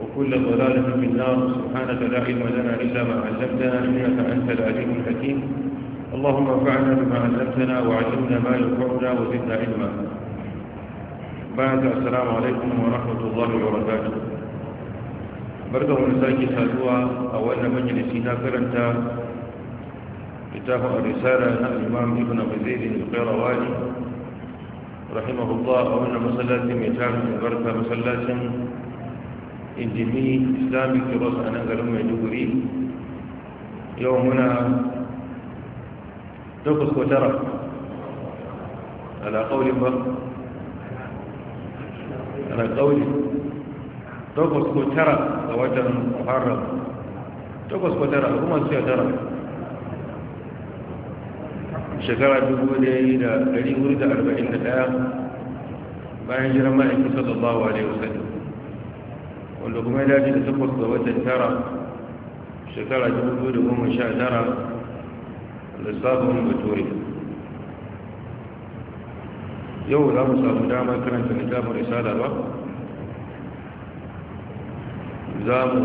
وكل ضلالة في النار سبحانك لا علم لنا إلا ما علمتنا إنك أنت العليم الحكيم اللهم انفعنا بما علمتنا وعلمنا ما ينفعنا وزدنا علما بعد السلام عليكم ورحمة الله وبركاته برده نساكي سادوا أولا مجلسنا كرنتا كتاب الرسالة عن الإمام ابن بزيد القيرواني رحمه الله أولا مسلاتي ميتان برده مسلات injimi islamic kiros a nan garin maiduguri yau muna takwas ko tara ala kaulin ba ala kaulin takwas ko tara a watan muharram takwas ko tara kuma su tara shekara dubu da yi da da da arba'in bayan jiran ma'aikin sallallahu alaihi wasallam wanda kuma ya dace da takwas ga watan tara shekara dubu da goma sha tara lissafin baturi, yau za mu samu damar karanta littafin risala ba za mu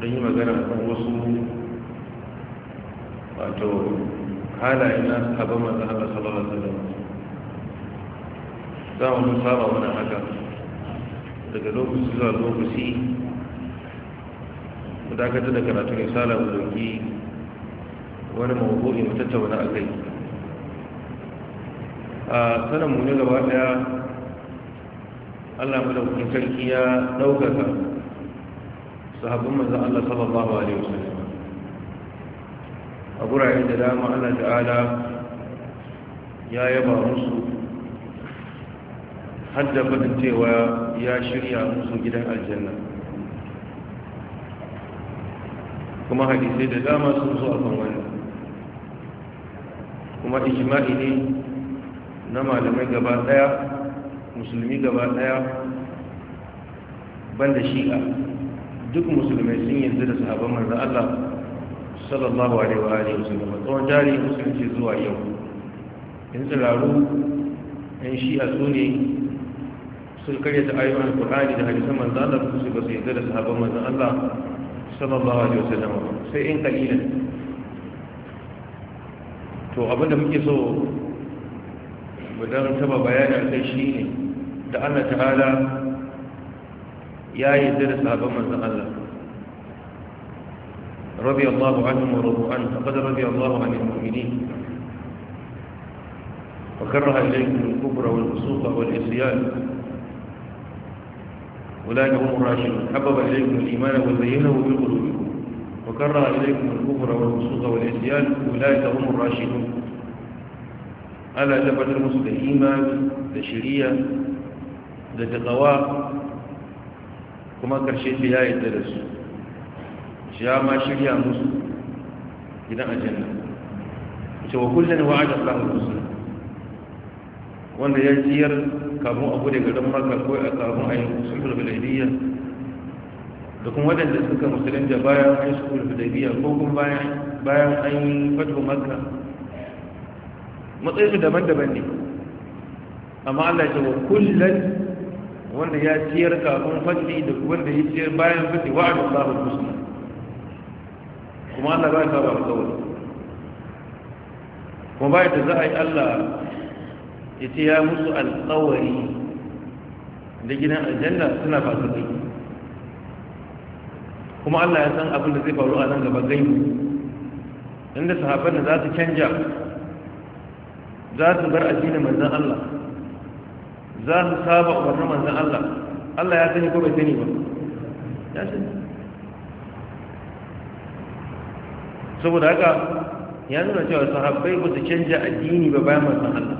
don yi magana kan wasu wato halaye na sabon mazan haka sallallahu alaihi za mu saba wani haka daga lokaci zuwa lokaci mu dakatar da karatu ne sala doki wani mawuzi mu tattauna a kai a sanan mu ne gaba daya Allah madaukakin sarki ya daukaka sahabban manzon Allah ba ba wasallam a gurare da dama Allah ta'ala ya yaba musu hadda fadin cewa ya shirya musu gidan aljanna kuma hadisai da dama sun zo a kan wani. kuma ijma'i ne na malamai gaba daya musulmi gaba daya banda shi'a duk musulmai sun yanzu da sahabar manzo Allah sallallahu alaihi wa alihi wasallam tsawon jari musulunci zuwa yau in tsiraru yan shi'a su ne sun karya ta ayyukan alkur'ani da hadisan manzo Allah su ba su yarda da sahabban manzo Allah sallallahu alaihi wasallam sai in kalilan to abinda muke so mu dan taba bayani akai shine da Allah ta'ala ya yarda da sahabban manzo Allah رضي الله عنهم ورضوا عنه فقد رضي الله عن المؤمنين وكره إليكم الكبر والفسوق والعصيان أولئك هم الراشدون حبب إليكم الإيمان وزينه في قلوبكم وكره إليكم الكفر والفسوق والعصيان أولئك هم الراشدون ألا ثبت المسلم إيمان لشريعة لتقوى كما كرشيت في آية درس جاء ما شريعة المسلم إلى الجنة وكلنا وعد الله المسلم وأن يجير kamun abu daga don maka ko a kamun a yin sulhul bilaidiyya da kuma waɗanda suka musulun da bayan an sulhul bilaidiyya ko kuma bayan an yi fatuwa makka matsayin daban-daban ne amma allah ya ce wa kullum wanda ya ciyar kamun fati da wanda ya ciyar bayan fati wa da Allah husna kuma Allah ba ka ba alƙawari kuma ba da za a yi Allah ya ce ya musu alkawari da gidan aljanna suna fasu kai kuma Allah ya san abin da zai faru a nan gaba gaibu inda sahabban da za su canja za su bar addinin manzan Allah za su saba umarnin manzan Allah Allah ya sani ko bai sani ba ya sani saboda haka ya nuna cewa sahabbai ba su canja addini ba bayan manzan Allah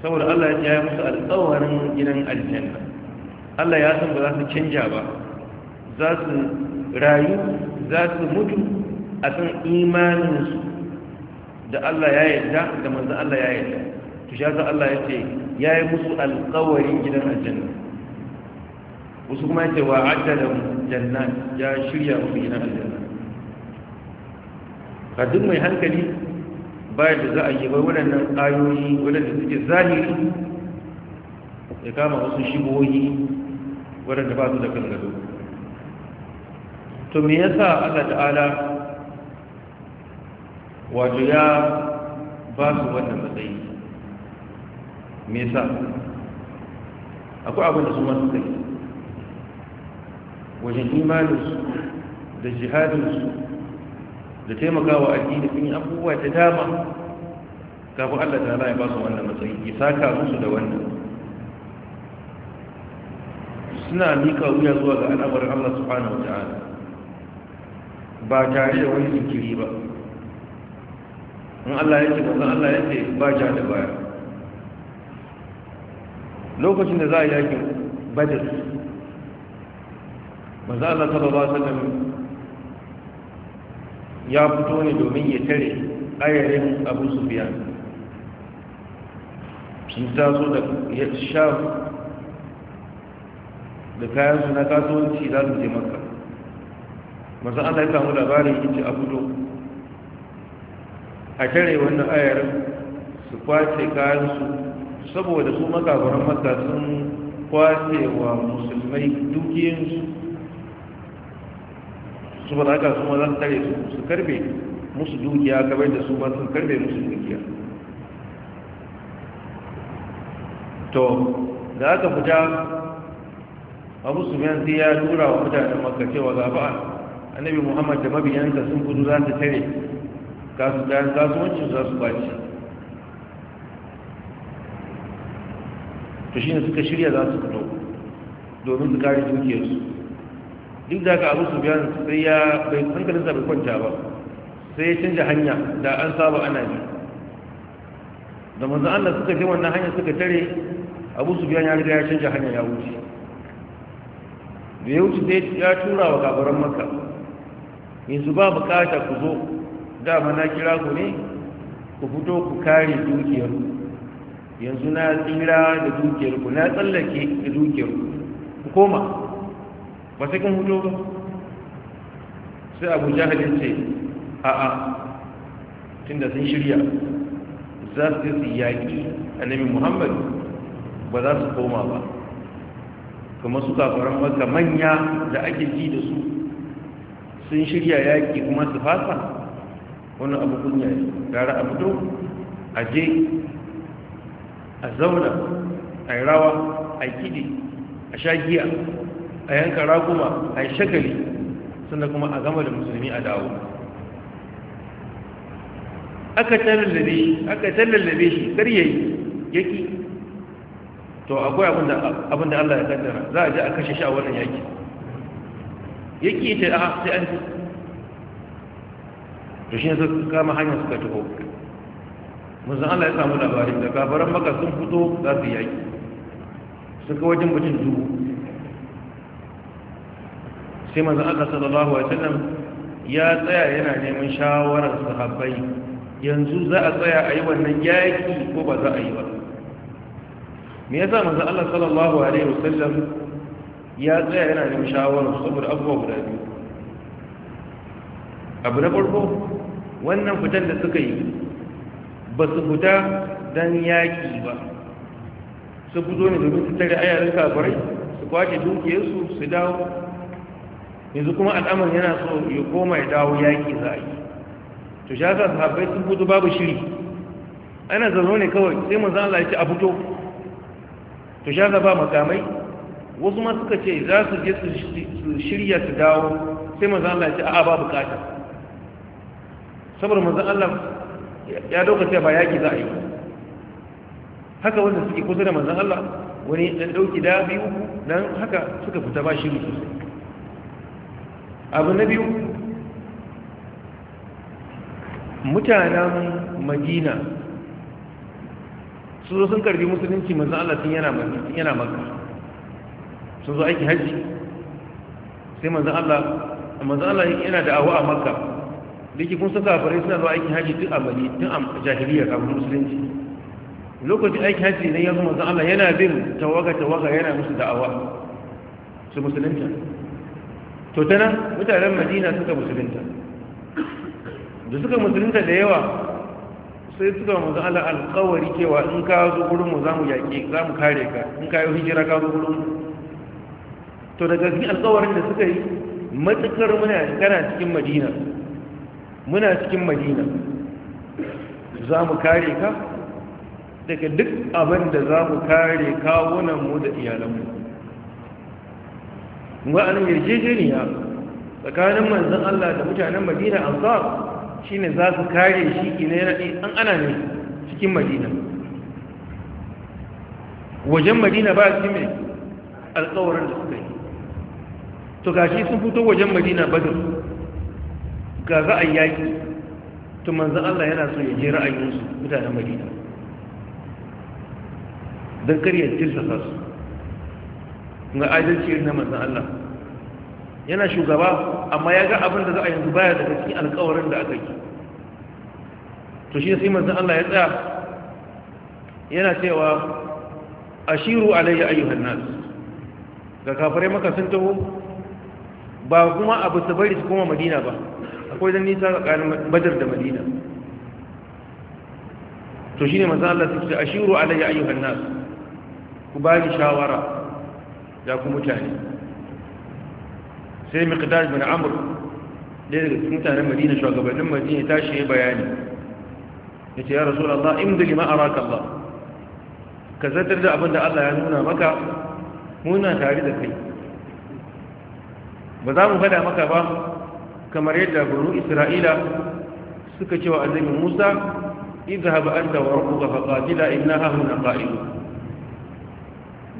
saboda Allah ya yi musu alƙawarin gidan aljanna Allah ya san ba za su canja ba za su rayu za su mutu a san imaninsu da Allah ya yarda da manzo Allah ya yarda to sha za Allah ya ce ya yi musu alƙawarin gidan aljanna wasu kuma ya ce wa adada da jannat ya shirya musu gidan aljanna ka duk mai hankali bayan da za a yi bai waɗannan ayoyi waɗanda suke zahiri ya kama wasu shigoyi waɗanda ba su da kan gado to me ya sa Allah ta'ala wato ya ba su wannan matsayi me sa? akwai abin da su masu kai wajen imaninsu da jihadinsu da taimakawa addini sun yi abubuwa da dama kafin Allah ta ya ba su wannan matsayi ya saka musu da wannan suna mika wuya zuwa ga al'amarin Allah subhanahu wa ta'ala ba tare da wani jinkiri ba in Allah ya ce ba Allah ya ce ba ja da baya lokacin da za a yakin za a Allah ba ba wasallam ya fito ne domin ya tare ayarin abu su biya sun taso da ya sha da kayansu na kasuwanci za su je maka masu ana ya kamu labarin inci a fito a tare wannan ayarin su kwace kayansu saboda su makabaran maka sun kwace wa musulmai dukiyansu su ba za su ma za su tare su su karbe musu dukiya kamar da su ba su karbe musu dukiya to da aka fita abu su sai ya tura wa mutanen maka cewa gaba annabi muhammad da mabiyanta sun gudu za su tare kasu kayan kasuwanci za su baci to shi ne suka shirya za su fito domin su kare dukiyarsu duk da ka abu su biyan sai ya bai sa bai kwanta ba sai ya canja hanya da an saba ana bi da manzo Allah suka je wannan hanya suka tare abu su biyan ya riga ya canja hanya ya wuce da ya wuce sai ya tura wa kabaran maka yanzu ba bukata ku zo dama na kira ku ne ku fito ku kare dukiyar yanzu na tsira da dukiyar ku na tsallake da dukiyar ku koma ba sai kun hudu ba sai abu jahilin ce a'a tun da sun shirya za su su yaƙi annabi muhammad ba za su koma ba kuma su kafaran maka manya da ake ji da su sun shirya yaƙi kuma su fasa wani abu kunya ne gara a fito a je a zauna a yi rawa a kidi a sha giya a yanka raguma a yi shagali sannan kuma a gama da musulmi a dawo aka tallallabe shi karye yaki to akwai abinda Allah ya kaddara za a ji a kashe shi a wannan yaki yaki ita, a sai an to shi su kama hanyar suka taho musan Allah ya samu labarin da kafaran maka sun fito za su yaki suka wajen mutum dubu sai manzon Allah sallallahu alaihi wasallam ya tsaya yana neman shawarar sahabbai yanzu za a tsaya a yi wannan yaƙi ko ba za a yi ba me yasa manzon Allah sallallahu alaihi wasallam ya tsaya yana neman shawarar saboda abubuwa guda biyu abu na farko wannan fitar da suka yi ba su fita don yaƙi ba su fito ne domin su tare ayarin kafirai su kwace dukiyarsu su dawo yanzu kuma al'amarin yana so ya koma ya dawo yaƙi za a yi to shi haka sahabbai sun fito babu shiri ana zazzo ne kawai sai mun Allah ya ce a fito to shi haka ba makamai wasu ma suka ce za su je su shirya su dawo sai mun Allah ya ce a'a ba bukata saboda manzan Allah ya dauka ce ba yaƙi za a yi haka wanda suke kusa da manzan Allah wani ɗan ɗauki da biyu don haka suka fita ba shiri sosai abu na biyu mutanen madina su zo sun karbi musulunci manzo Allah sun yana makka sun zo aiki hajji sai manzo Allah manzo Allah yana da awa a makka dake kun saka fara suna zuwa aiki hajji tun a bani tun a jahiliya kafin musulunci lokacin aiki hajji na yanzu manzo Allah yana bin tawaga tawaga yana musu da'awa su musulunci to ta nan mutanen madina suka musulunta da suka musulunta da yawa sai suka musu ala alkawari cewa in ka zo gurinmu za mu yaƙi za mu kare ka in ka yi hijira ka zo gurinmu to daga cikin alkawarin da suka yi matukar muna kana cikin madina muna cikin madina za mu kare ka daga duk abin da za mu kare kawunanmu da iyalanmu wa'anin yarjejeniya tsakanin manzan Allah da mutanen madina ansar shi ne za su kare shi ina yana an ana ne cikin madina wajen madina ba su mai alkawarin da suka yi to gashi sun fito wajen madina badar ga ra'ayi yaki to manzan Allah yana so ya je ra'ayinsu mutanen madina don karyar tilsa su ga adalci irin na manzan Allah yana shugaba amma ya ga abin da za a yanzu baya daga cikin alkawarin da aka yi to shi sai manzan Allah ya tsaya yana cewa ashiru alayya ayyuhan nas ga kafirai maka sun taho ba kuma abu su bari su koma madina ba akwai dan nisa tsakanin badar da madina to shine manzan Allah sai ashiru alayya ayyuhan nas ku bani shawara ya ku mutane sai miqdad bin amr da daga cikin mutanen madina shugabannin madina tashi ya bayani ya ce ya rasulallah imdu lima araka Allah ka zartar da abinda Allah ya nuna maka muna tare da kai ba za mu fada maka ba kamar yadda banu isra'ila suka ce wa annabi musa idhhab anta wa rabbuka faqatila innaha huna qa'id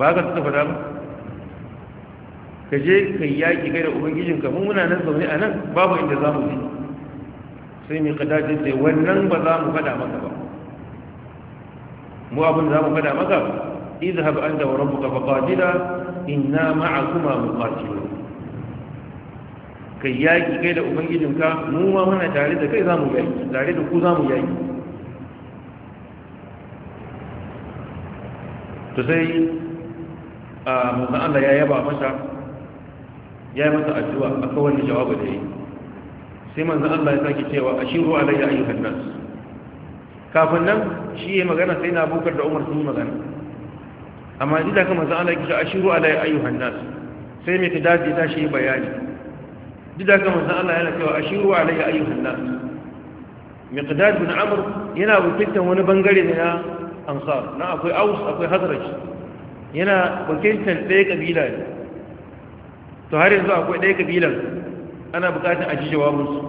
ba ka suka fada ba ka je ka yi yaƙi gaida ubangijinka mun muna nan zaune a nan babu inda za mu je sai mai kadajin ce wannan ba za mu fada maka ba mu abin za mu fada maka izhab anta wa rabbuka faqatila inna ma'akuma muqatilun kai yaƙi kai da ubangijinka mu ma muna tare da kai za mu yaƙi tare da ku za mu yaƙi to sai a ah, Allah ya yaba masa ya yi masa addu'a a kowane jawabu da yi sai manzan Allah ya sake cewa a shiru alayya ayyukan nas kafin nan shi ya magana sai na bukar da umar sun yi magana amma ji da kan manzan Allah ya a shiru alayya ayyukan nas sai mai ta daji ta shi bayani ji da kan manzan Allah yana cewa a shiru alayya ayyukan nas miqdad bin amr yana wakiltar wani bangare ne na ansar na akwai aus akwai hazraj yana wakiltar ɗaya kabila ne to har yanzu akwai ɗaya kabilan ana bukatar a ji jawabinsu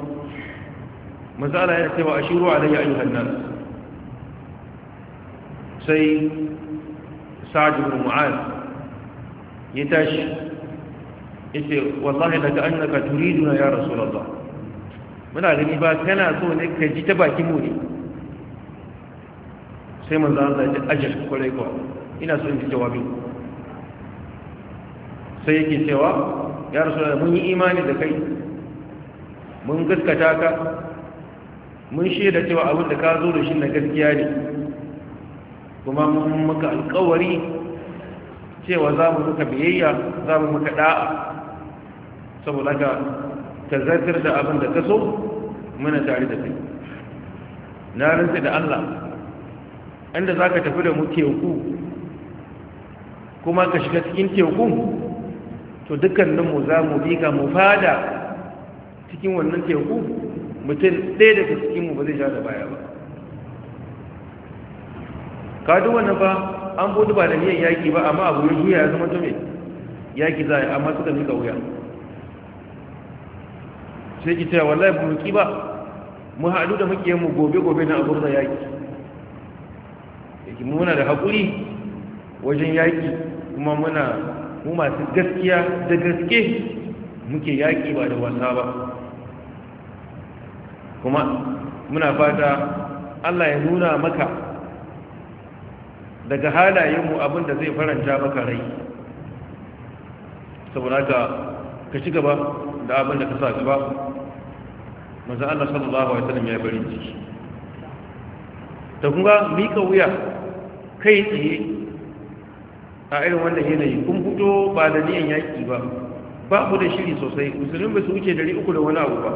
mazala ya cewa a shiru alayya ayyukan nan sai sa'ad ibn mu'az ya tashi yace wallahi daga annaka turiduna ya rasulullah muna gani ba kana so ne ka ji ta bakin mu ne sai manzo Allah ya ce ajal kwarai kwa ina so in ji jawabin sai yake cewa ya rasu mun yi imani da kai mun gaskata ka mun shaida cewa abin da ka zo da shi na gaskiya ne kuma mun maka alkawari cewa za mu maka biyayya za mu maka da'a saboda ka ka zartar da abin da ka so muna tare da kai na rinsa da Allah inda za ka tafi da mu teku kuma ka shiga cikin tekun to dukkaninmu za mu miƙa mu fada cikin wannan teku mutum ɗaya daga cikinmu ba zai sha da baya ba kadu wannan ba an buɗe ba da miyan yaƙi ba amma abu ya juya ya zama to me yaƙi za a yi amma suka mika wuya sai ki cewa wallahi ba mu ba mu haɗu da mu gobe-gobe na abu da yaƙi yake muna da haƙuri wajen yaƙi kuma muna mu masu gaskiya da gaske muke yaƙi ba da wasa ba kuma muna fata Allah ya nuna maka daga halayenmu abin da zai faranta maka rai saboda ka ka ci gaba da abin da ka sa gaba maza Allah sallallahu alaihi wasallam ya bari ciki ta kuma mika wuya kai tsaye a irin wanda yanayi kun fito ba da niyan yaƙi ba ba ku da shiri sosai musulun ba su wuce dari uku da wani abu ba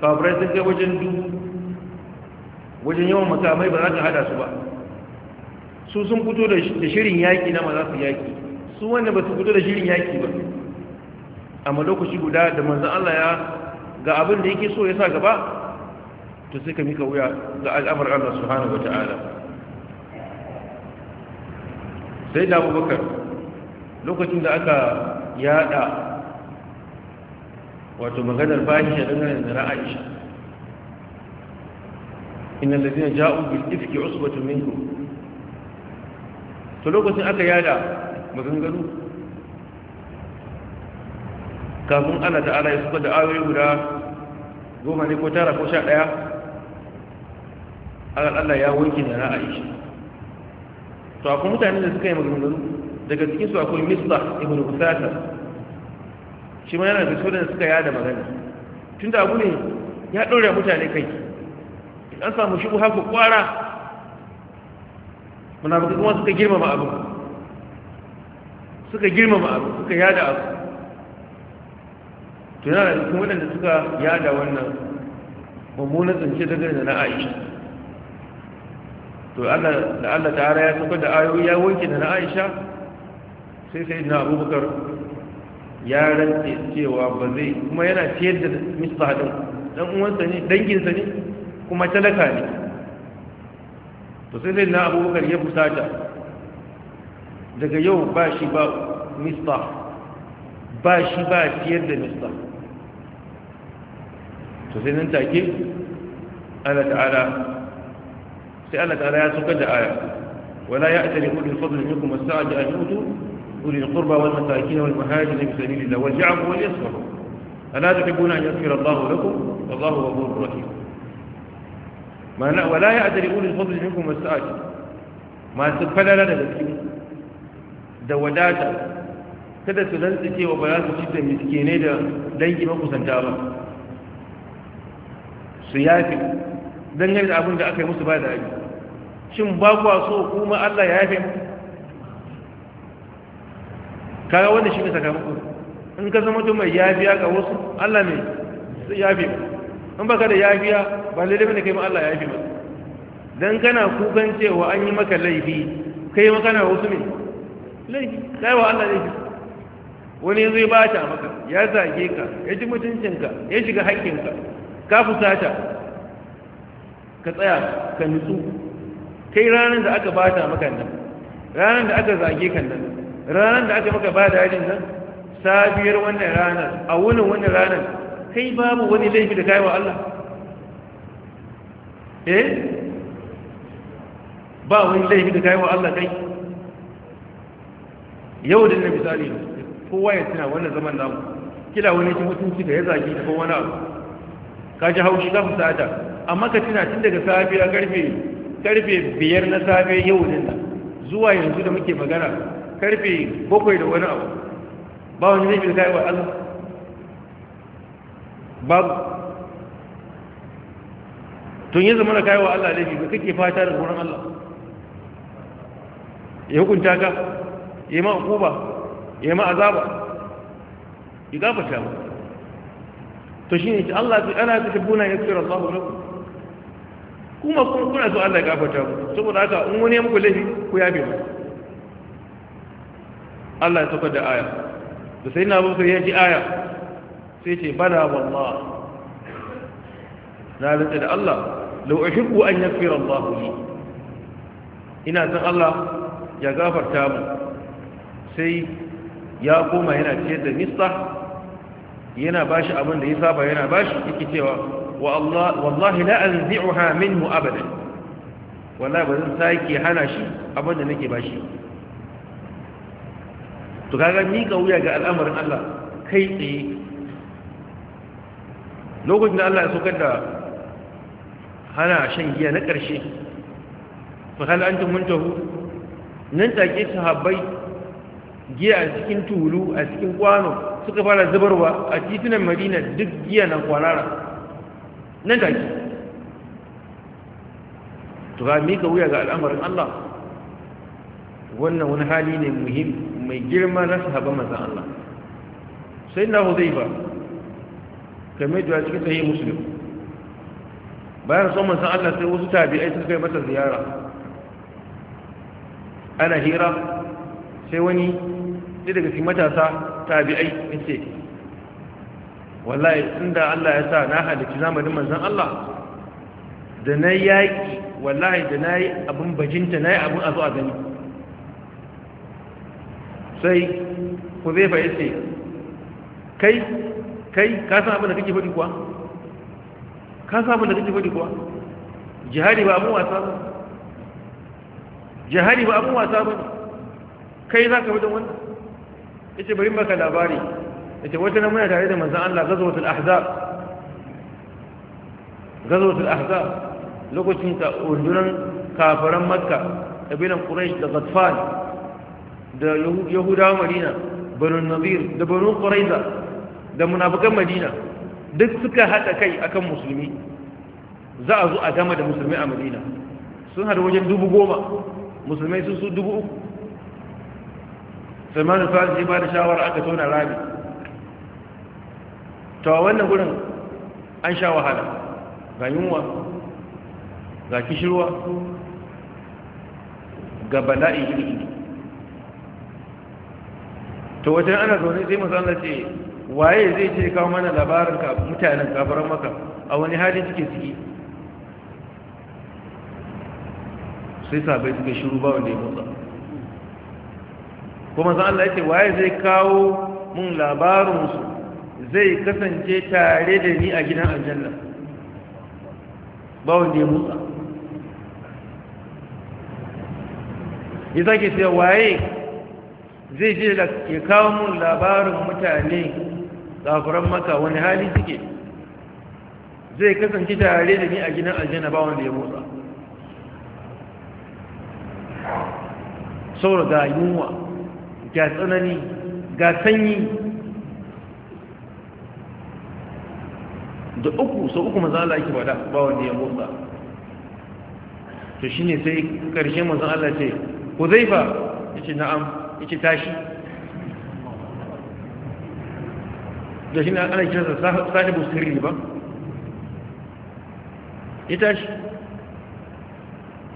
kafirai sun kai wajen dubu wajen yawan makamai ba za ka hada su ba su sun fito da shirin yaƙi na maza za su yaƙi su wanda ba su fito da shirin yaƙi ba amma lokaci guda da manzan Allah ya ga abin da yake so ya sa gaba to sai ka mika wuya ga al'amar Allah subhanahu wa ta'ala sai da abubakar lokacin da aka yada wato maganar fahisha dangane da ra'aisha inna lalzina ja'u bil ifki usbatun minkum to lokacin aka yada maganganu kafin ana ta'ala ya suka da ayoyi guda goma ne ko tara ko sha ɗaya Allah ya wanke da ra'aisha to akwai mutane da suka yi maganganu daga cikin su akwai misbah ibn usata shi ma yana da sodan suka yada magana tun da abu ne ya ɗaure mutane kai an samu shi haka kwara munafukai kuma suka girmama abu suka girmama abu suka yada abu to yana da cikin waɗanda suka yada wannan mummunan zance da na Aisha to Allah da Allah ta'ala ya saka da ayoyi ya wanke da na Aisha sai sai na Abubakar ya rantse cewa ba zai kuma yana ciyar da misbah din Ɗan uwansa ne dangin sa ne kuma talaka ne to sai sai na Abubakar ya fusata daga yau ba shi ba misbah ba shi ba ciyar da misbah to sai nan take Allah ta'ala sai Allah ta'ala ya saukar da aya wala ya'tali ulul fadli minkum wasa'ati an yutu ulul qurba wal masakin wal muhajirin fi sabilillah wal ya'fu wal yasfahu ألا تحبون أن يغفر الله لكم والله غفور رحيم ولا يعتري أولي الفضل منكم والسعادة ما تفل لنا لكم دوداتا kada su rantsuke wa ba za su ci da miskinai da dangi makusanta ba su yafi dangane da abin da aka yi musu ba da abi shin ba ku so kuma Allah ya yafe muku kaga wanda shi ne sakamako in ka zama mai yafiya ga wasu Allah ne su yafe mu in ka da yafiya ba lalle bane kai ma Allah ya yafe ba dan kana kukan cewa an yi maka laifi kai ma kana wasu ne laifi kai wa Allah laifi wani zai ba ta maka ya zage ka ya ji mutuncinka ya shiga haƙƙinka ka fusata ka tsaya ka nutsu kai ranar da aka bata maka nan ranar da aka zage kan nan ranar da aka maka bada yajin nan sabiyar wannan ranar a wani wannan ranar kai babu wani laifi da kai wa Allah eh ba wani laifi da kai wa Allah kai yau da na misali kowa ya tuna wannan zaman namu kila wani cin mutunci da ya zage ko na abu ka ji haushi ka fusata amma ka tuna tun daga safiya karfe karfe biyar na safe yau din nan zuwa yanzu da muke magana karfe bakwai da wani abu ba wani zai bilka wa Allah babu tun yi zama na kayi wa Allah laifi ba kake fata da wurin Allah ya hukunta ka ya ma kuba? ya ma azaba ya gafata ba to shi shine Allah ana ta tabbuna tsira Allah lakum kuma kuna so Allah ya gafarta mu saboda haka in wani ya muku laifi ku yafe mu Allah ya saukar da aya da sai na bukari ya ji aya sai ce bada wallah na rantsa da Allah law uhibbu an yaghfira Allah li ina san Allah ya gafarta mu sai ya koma yana ciyar da nista yana bashi abin da ya saba yana bashi yake cewa wallahi la anzi'uha minhu abadan wallahi ba zan sake hana shi abin da nake ba shi to wuya ga al'amarin Allah kai tsaye lokacin Allah ya saukar da hana shan giya na ƙarshe sahabbai giya a cikin tulu a cikin kwano suka fara zubarwa a titunan Madina duk giya na kwarara nan take to ga mika wuya ga al'amarin Allah wannan wani hali ne muhim mai girma na sahaba manzon Allah sai na huzaifa kamar da cikin sahih muslim bayan son manzon Allah sai wasu tabi'ai suka kai masa ziyara ana hira sai wani ne daga cikin matasa tabi'ai yace wallahi inda Allah ya sa na halici zamanin manzon Allah da na yaki, wallahi da na yi abin bajinta na yi abin a zuwa gani sai ku zai fa yace kai kai ka san abin da kake faɗi kuwa ka san abin da kake faɗi kuwa jihadi ba abin wasa ba jihadi ba abin wasa ba kai za ka fi don wannan yace bari maka labari yace wata nan muna tare da manzon Allah ghazwatul ahzab ghazwatul ahzab lokacin ka urdunan kafaran makka kabilan quraish da ghatfan da yahudawa madina banu nadir da banu quraiza da munafikan madina duk suka hada kai akan musulmi za a zo a gama da musulmi a madina sun hada wajen dubu goma musulmai sun su dubu uku salman al-farisi ba da shawara aka tona rami to a wannan gurin an sha wahala ga yunwa ga kishirwa ga bala'i iri to wajen ana zaune sai masu Allah ce waye zai ce kawo mana labarin ka mutanen kafaran maka a wani halin suke suke sai sabai suka shiru ba wanda ya motsa kuma sa'an Allah ya ce waye zai kawo mun labarinsu zai kasance tare da ni a gidan aljanna ba wanda ya musa ya sake sai waye zai je da ke kawo mun labarin mutane tsakuran maka wani hali suke zai kasance tare da ni a gidan aljanna ba wanda ya motsa Sauro ga yunwa ga tsanani ga sanyi da uku sau uku maza Allah yake bada ba wanda ya motsa to shine sai karshe maza Allah ce ku zai fa ce na'am ce tashi da shi ana kiransa sahibu sirri ba ya tashi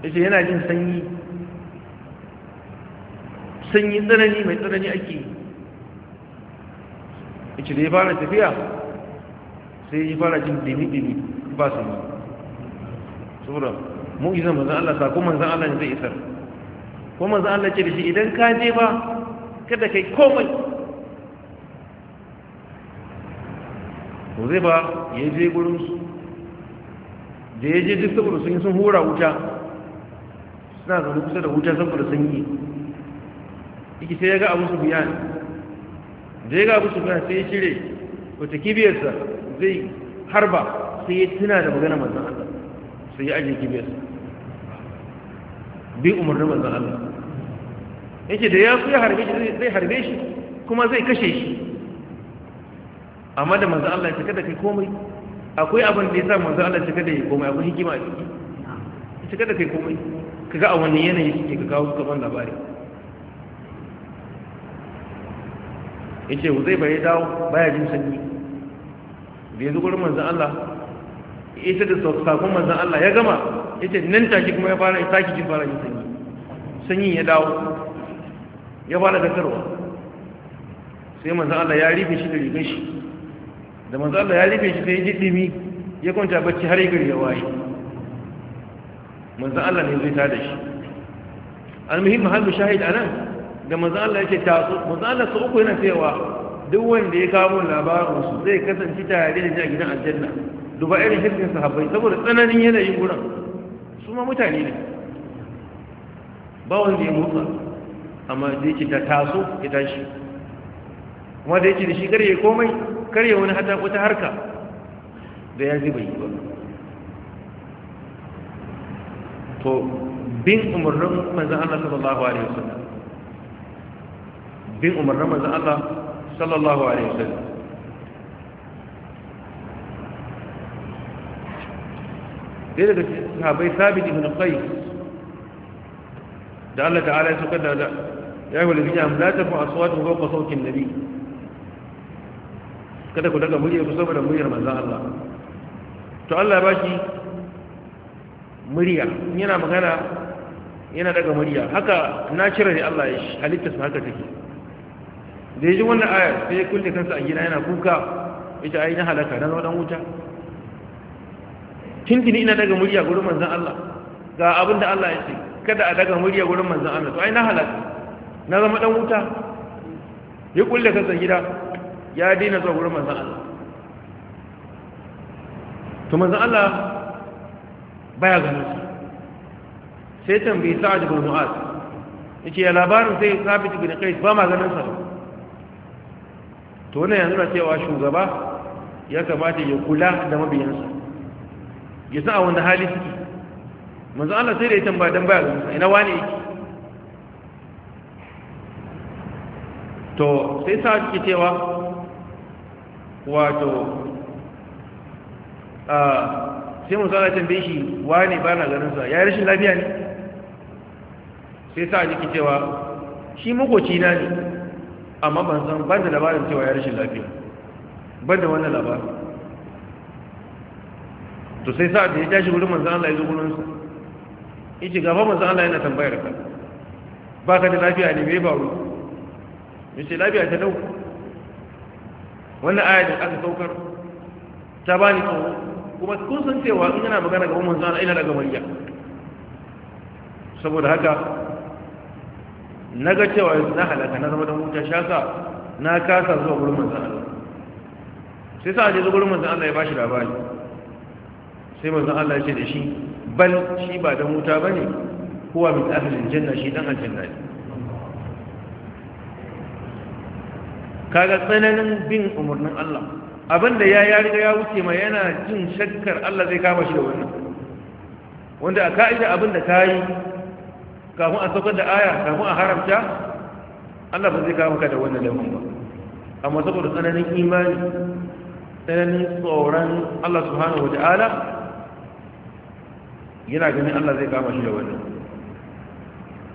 ce yana jin sanyi sanyi tsanani mai tsanani ake ce da ya fara tafiya sai yi fara jin dimi-dimi ba su yi saboda mu izan manzan Allah sa, kuma manzan Allah ne zai isar kuma manzan Allah ce da shi idan ka je ba kada kai komai ko zai ba ya je gurin su da ya je duk saboda sun yi sun hura wuta suna zaune kusa da wuta saboda sun yi iki sai ya ga abu su biya da ya ga abu su biya sai ya cire wata kibiyarsa zai harba sai ya tuna da magana manzan Allah sai ya ajiye kibiyarsa bi umarnin manzan Allah yake da ya fiye harbe shi zai harbe shi kuma zai kashe shi amma da manzan Allah ya cika da kai komai akwai abin da ya sa manzan Allah ya cika da ya komai akwai hikima a ciki ya cika da kai komai kaga a wani yanayi suke ka kawo gaban labari yace zai bai dawo baya jin sanyi da ya zo gurin manzan Allah ita da sakon manzan Allah ya gama ita nan take kuma ya fara ya sake jin fara yin sanyi sanyin ya dawo ya fara gatarwa sai manzan Allah ya rife shi da rigar shi da manzan Allah ya rife shi sai ya ji dimi ya kwanta bacci har gari ya waye manzan Allah ne zai tada shi almuhim mahallu shahid anan da manzan Allah yake so manzan Allah su uku yana cewa duk wanda ya kawo labarin su zai kasance tare da gidan aljanna duba irin shirkin sahabbai saboda tsananin yanayin gurin su ma mutane ne ba wanda ya motsa amma da yake ta taso ya tashi kuma da yake da shi karye komai karye wani hata wata harka da ya zuba yi ba to bin umarnin manzan Allah sallallahu alaihi wasallam bin umarnin manzan Allah sallallahu alaihi wasallam dai daga sahabbai sabit ibn qais da Allah ta'ala ya saka da ya yi walibi ya la tafu aswatu fawqa sawti an kada ku daga muryar ku saboda muryar manzon Allah to Allah ya baki murya yana magana yana daga murya haka na cire ne Allah ya halitta su haka take da ya ji wannan ayar sai ya kulle kansa a gida yana kuka ita ai na halaka na zama wuta tintini ina daga murya gurin manzon Allah ga abin da Allah ya ce kada a daga murya gurin manzon Allah to ai na halaka na zama dan wuta ya kulle kansa gida ya daina zuwa gurin manzon Allah to manzon Allah baya ganin sai tambayi sa'ad bin mu'az yace ya labarin sai sabit bin qais ba ma ganin sa to ne yanzu na cewa shugaba ya kamata ya kula da mabiyansa ya san a wanda hali suke manzo Allah sai da ya tambaya don baya ga ina wani yake to sai sa suke cewa wato sai musa ala tambaye shi wane ba na ganinsa ya yi rashin lafiya ne sai sa suke cewa shi makoci na ne amma ban san ba da labarin cewa ya rashin lafiya ba da wannan labarin to sai sa'ad da ya tashi wurin manzan Allah ya zo sa yace gaba manzan Allah yana tambayar ka ba ka da lafiya ne me ba ruwa yace lafiya ta dau wannan aya da aka saukar ta bani tsoro kuma kun san cewa in yana magana ga manzan Allah ina daga manya saboda haka na ga cewa na halaka na zama dan wuta shaka na kasa zuwa gurin manzan Allah sai sa je gurin manzan Allah ya bashi labari sai manzan Allah ya ce da shi bal shi ba dan wuta bane Kowa min ahlil janna shi dan aljanna ne kaga tsananin bin umarnin Allah abinda ya ya riga ya wuce ma yana jin shakkar Allah zai kama shi da wannan wanda a ka'ida abinda ka yi kafin a saukar da aya kafin a haramta Allah ba zai kama ka da wannan laifin ba amma saboda tsananin imani tsananin tsoron Allah subhanahu ta'ala yana ganin Allah zai kama shi da wannan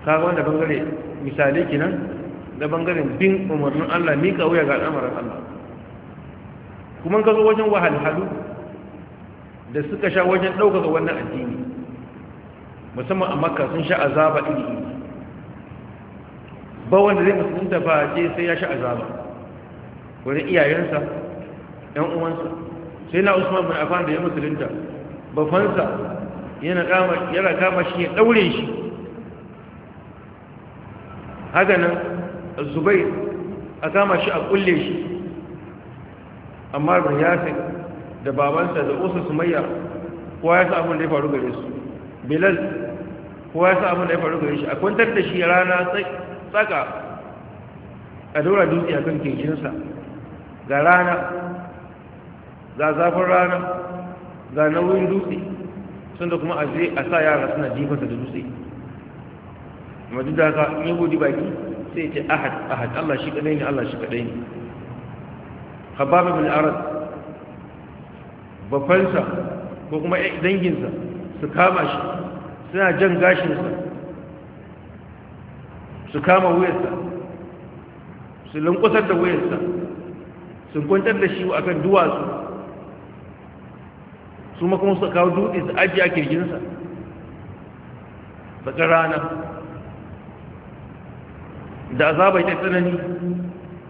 kawo wanda bangare misali kinan da bangaren bin umarnin Allah mika wuya ga al'amarin Allah kuma ka zo wajen wahalhalu da suka sha wajen ɗaukaka wannan addini musamman a makka sun sha azaba iri ba wanda zai musulunta ba ce sai ya sha azaba wurin iyayensa yan uwansa sai na usman bin afan da ya musulunta bafansa yana kama yana kama shi ya daure shi haka nan zubair a kama shi a kulle shi amma bin yasin da babansa da usu sumayya kowa ya sa abin da ya faru gare su bilal kowa ya sa abin da ya faru gare shi a kwantar da shi rana tsaka a daura dutse a kan kekinsa ga rana ga zafin rana ga nauyin dutse sun da kuma a zai a sa yara suna jifarsa da dutse madu da haka in yahudi baki sai ce ahad ahad allah shi kadai ne allah shi kadai ne habab bin arad bafansa ko kuma danginsa su kama shi suna jan gashinsa su kama wuyarsa su lankusar da wuyarsa su kwantar da shi a kan duwatsu su makon su kawo dutse su ajiye a kirginsa daga rana da azabai ta tsanani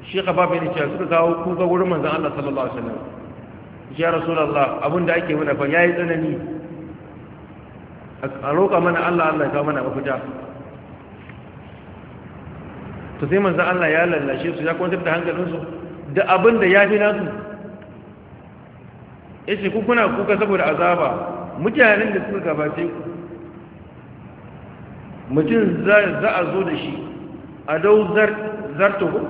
shi kafa bai da cewa suka kawo kuka wurin manzan Allah sallallahu Alaihi wasallam ya rasu da Allah abinda ake wunafa ya yi tsanani a roƙa mana Allah Allah ya kawo mana mafita to sai manzan Allah ya lallashe su ya kwantar da hankalinsu da abin da ya fi nasu ya ce kuna kuka saboda azaba mutanen da suka gabace ku mutum za a zo da shi a dau zartuhu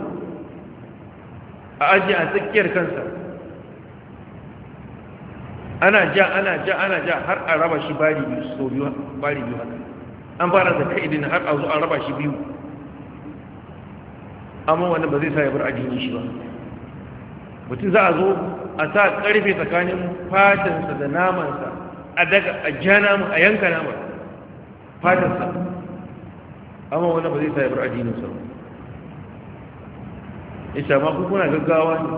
a ajiye a tsakiyar kansa ana ja ana ja ana ja har a raba shi bari biyu so biyu bari biyu haka an fara da kai din har a zo an raba shi biyu amma wannan ba zai sa ya bar addini shi ba mutum za a zo a sa karfe tsakanin fatansa da namansa a daga a ja namu a yanka naman fatansa amma wannan ba zai sa ya bar addininsa ba ya ma kuna gaggawa ne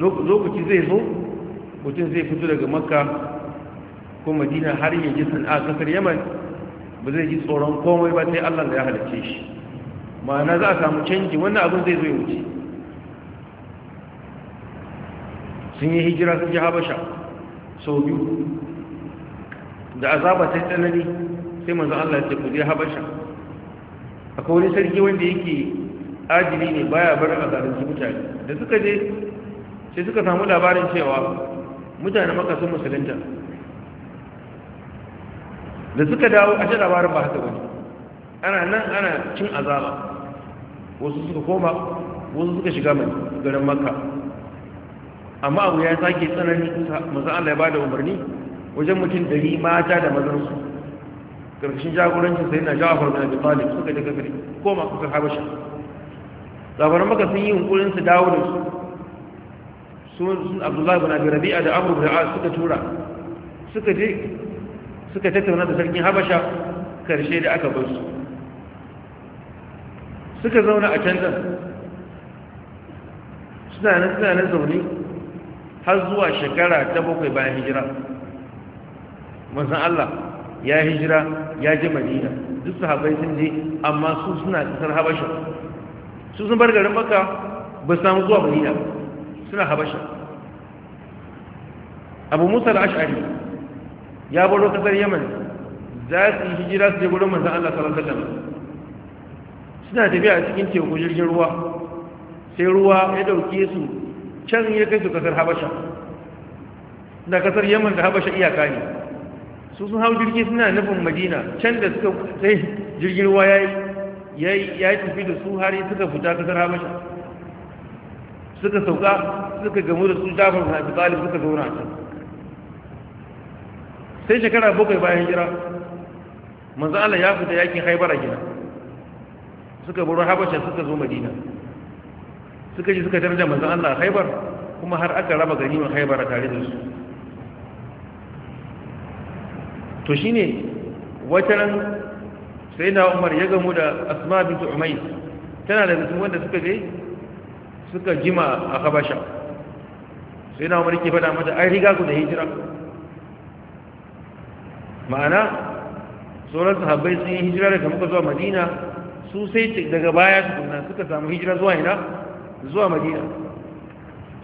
lokaci zai zo mutum zai fito daga makka ko madina har yi ji sana'a kasar yaman ba zai ji tsoron komai ba sai allah da ya halarce shi ma'ana za a samu canji wannan abin zai zai wuce sun yi hijira sun ji habasha sau biyu da azaba sai tsanani sai manzo allah ya ce ku je habasha A kawai sarki wanda yake ajiri ne baya barin a zalunci mutane da suka je sai suka samu labarin cewa mutane maka sun musulunta da suka dawo a shi labarin ba haka wani ana nan ana cin azaba wasu suka koma wasu suka shiga mai garin maka. amma abu ya sake tsanani masu allah ya ba da umarni wajen mutum dari mata da mazarsu ƙarfashin jagorancin sai na jawafar da abitalik suka daga gari koma kusur habasha labaran maka sun yi hunkurin dawo da su sun abdullahi bin abi rabi'a da amru da suka tura suka je suka tattauna da sarkin habasha karshe da aka bar su suka zauna a can suna nan suna nan zaune har zuwa shekara ta bakwai bayan hijira manzan Allah ya hijira ya ji madina duk su sahabai sun je amma su suna kasar habasha su sun bar garin maka ba samu zuwa madina suna habasha abu musa al’ashari ya baro kasar yaman za su yi hijira su je gurin manzan allah sallallahu alaihi suna tafiya a cikin teku jirgin ruwa sai ruwa ya dauke su can ya kai su kasar habasha da kasar yaman da habasha iyaka ne su sun hau jirgi suna nufin madina can da suka sai jirgin ruwa ya yi ya tafi da su har suka fita kasar habasha suka sauka suka gamu da su jafar na abi suka zauna a can sai shekara bakwai bayan jira manzo Allah ya fita yakin haibara a gida suka buru habasha suka zo madina suka ji suka tarja manzo Allah haibar kuma har aka raba ganimar haibara tare da su to shine wataran sai na umar ya gamu da asma bintu umayy tana da mutum wanda suka je suka jima a habasha sai na umar ke faɗa mata an riga ku da hijira ma'ana sauran sahabbai sun yi hijira daga muka zuwa madina su sai daga baya tukunna suka samu hijira zuwa ina zuwa madina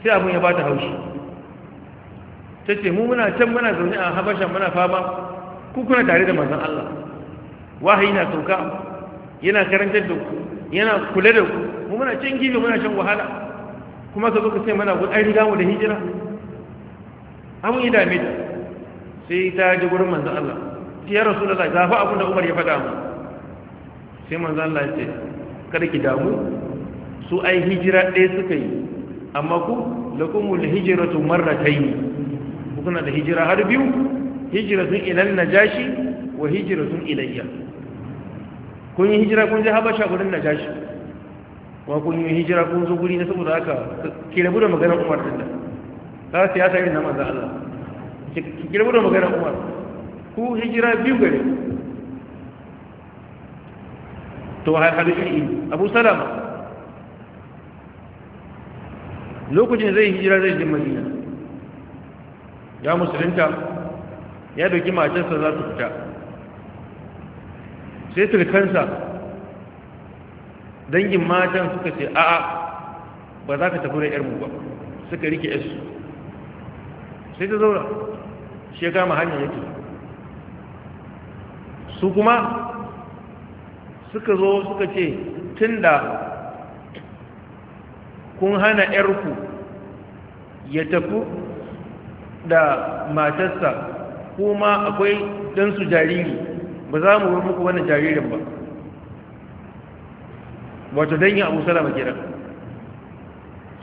sai abin ya bata haushi ta ce mu muna can muna zaune a habasha muna fama ku kuna tare da manzon Allah wahayi na sauka yana karantar da ku yana kula da ku mu muna can gibe muna shan wahala kuma ka zo ka sai mana an riga mu da hijira an yi dame ta sai ta ji gurin manzo Allah ya rasulullahi ga fa abin da Umar ya faɗa mu sai manzo Allah ce kada ki damu su ai hijira ɗaya suka yi amma ku lakumul hijratu marratayn kuna da hijira har biyu hijratun ila najashi wa hijratun ilayya kun yi hijira kun je habasha gurin najashi wa kun yi hijira kun zo guri ne saboda haka ke rabu da maganar umar din da ta siyasa irin na manzan Allah Ke rabu da maganar umar ku hijira biyu gare to har hadu shi abu salama lokacin zai hijira zai je madina ya musulunta ya doki matarsa za su fita sai turkansa dangin matan suka ce a'a ba za ka tafi da yarmu ba suka rike yasu sai ta zaura shi ya kama hanyar yake su kuma suka zo suka ce tun da kun hana yarku ya tafi da matarsa kuma akwai ɗansu jariri ba za mu muku wani jaririn ba wato dangin abu salama kenan